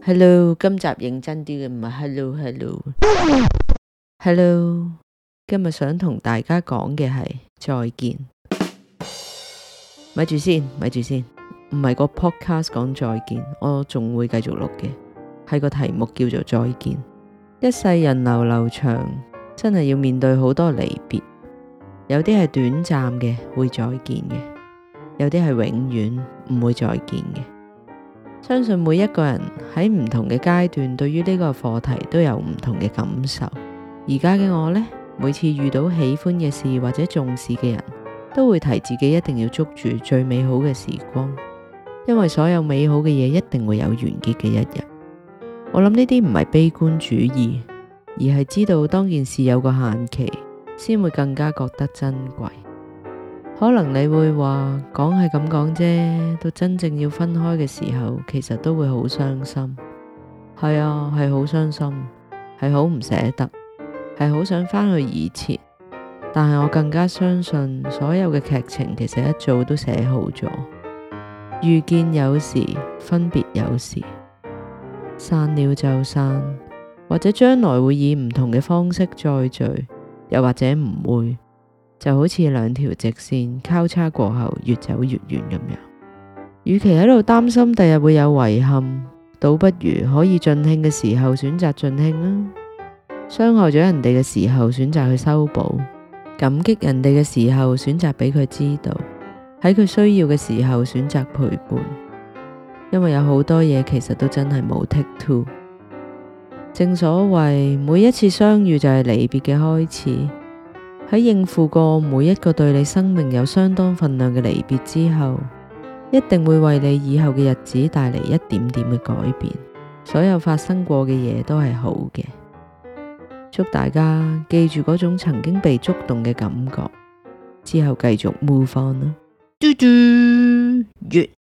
Hello，今集認真啲嘅，唔係 Hello，Hello，Hello。今日想同大家講嘅係再見。咪住先，咪住先，唔係個 podcast 講再見，我仲會繼續錄嘅。係個題目叫做再見。一世人流流長，真係要面對好多離別。有啲係短暫嘅，會再見嘅，有啲係永遠唔會再見嘅。相信每一個人喺唔同嘅階段，對於呢個課題都有唔同嘅感受。而家嘅我呢，每次遇到喜歡嘅事或者重視嘅人，都會提自己一定要捉住最美好嘅時光，因為所有美好嘅嘢，一定會有完結嘅一日。我諗呢啲唔係悲觀主義，而係知道當件事有個限期，先會更加覺得珍貴。.可能你會話，講係咁講啫，到真正要分開嘅時候，其實都會好傷心。係啊，係好傷心，係好唔捨得，係好想翻去以前。但係我更加相信，所有嘅劇情其實一早都寫好咗，遇見有時，分別有時，散了就散，或者將來會以唔同嘅方式再聚，又或者唔會。就好似兩條直線交叉過後越走越遠咁樣，與其喺度擔心第日會有遺憾，倒不如可以盡興嘅時候選擇盡興啦。傷害咗人哋嘅時候選擇去修補，感激人哋嘅時候選擇俾佢知道，喺佢需要嘅時候選擇陪伴。因為有好多嘢其實都真係冇 take two。正所謂每一次相遇就係離別嘅開始。喺應付過每一個對你生命有相當份量嘅離別之後，一定會為你以後嘅日子帶嚟一點點嘅改變。所有發生過嘅嘢都係好嘅，祝大家記住嗰種曾經被觸動嘅感覺，之後繼續 move on 啦。嘟嘟